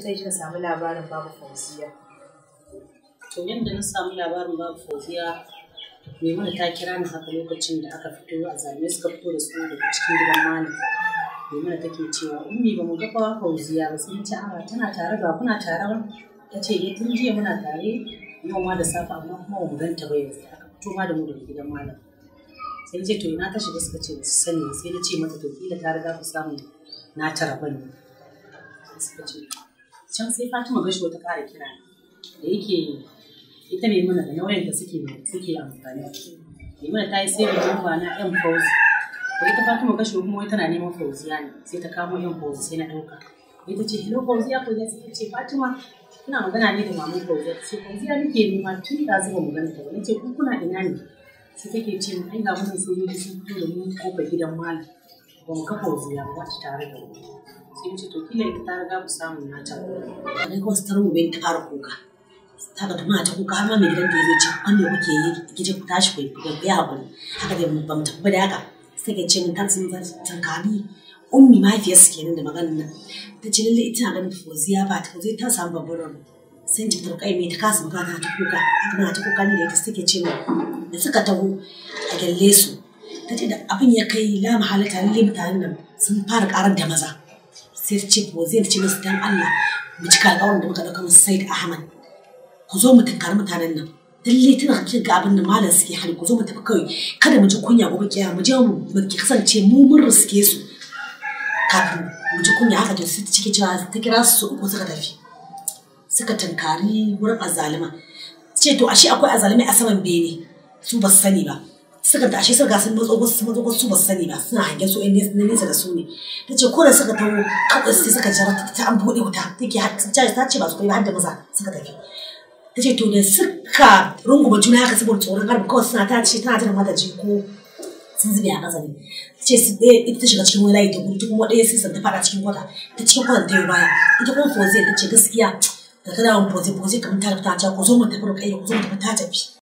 Kika samu labarin babu fauziya. To yadda na samu labarin babu fauziya Maimuna ta kira ni haka lokacin da aka fito a zane suka fito da su daga cikin gidan malam. Maimuna ke cewa ummi ba mu gaba fauziya ba sai ce awa tana tare ba kuna tare ba ta ce eh tun jiya muna tare yau ma da safa amma kuma ba mu ganta ba yanzu aka fito ma da mu daga gidan malam. Sai na ce to ina tashi ba suka ce su sani sai na ce mata to kila ta riga ku samu na tara ne Suka ce can sai fatima gashi wata kara kira da yake ita ne mana da nauyin da suke suke amfani mai mana ta yi sai da jumba na yan fauzi ko ita fatima gashi kuma wai tana neman fauzi ne sai ta kamo yan fauzi sai na dauka ita ce hello ya fauzi sai ce fatima kuna magana ne da mamun fauzi sai fauziya nake nema tun da zuwa magana ta wani ce kuna ina ne sai take ce ai ga mun sojoji sun fito da mu kofar gidan malam ba mu kafa wuya ba ta tare da mu sai mu ce to kila ita tare riga mu samu na ta a dai kuma sitar mu bai ta ƙara kuka ta ga tuma ta kuka har ma mai gidan da ya ce wanda kuke yi gije ku tashi ku yi haƙuri haka dai ba mu tafi da haka sai ka ce mun kan sun tsakani ummi suke nan da maganar nan ta ce lallai ita ganin foziya ba ta zai ta samu babban rabu sai ji turkai mai ta kasa magana ta kuka tana ta kuka ne da ita suke ce da suka taho a gyalle su ta ce da abin ya kai la mahala tare da mutanen nan sun fara karar da maza sai ta ce ko zai ce musu dan Allah mu cika alƙawarin da muka ɗauka musu Said Ahmad ku zo mu tunkari mutanen nan lalle tana kin ga abin da malam suke hali ku zo mu tafi kawai kada mu ji kunya gobe kiya mu je mu kasance mu mun riske su kafin mu ji kunya haka to sai cike cewa ta kira su ko suka tafi suka tunkari wurin azalima ce to ashe akwai azalimai a saman bene su ba su sani ba suka tashi suka sun matso wasu matso wasu ba su sani ba suna hangen su na nesa da su ne ta ce kodan da suka tawo kawai sai suka jira ta an buɗe wuta ta hajji ta ce ba su kai ba har da maza suka tafi ta ce to da suka runguma juna haka saboda tsoron harbi kawai suna ta ce tana tana mata jiko sun zube a ƙasa ne ta ce su ɗaya eh, ita ta shiga cikin wani layi ta gudu kuma ɗaya sai ta fada cikin kwata ta cikin kwata ta yi baya ita kuma fozi ta ce gaskiya da ta dawo fozi fozi kamar ta ta ce ko zo mu tafi ko zo mu tafi ta tafi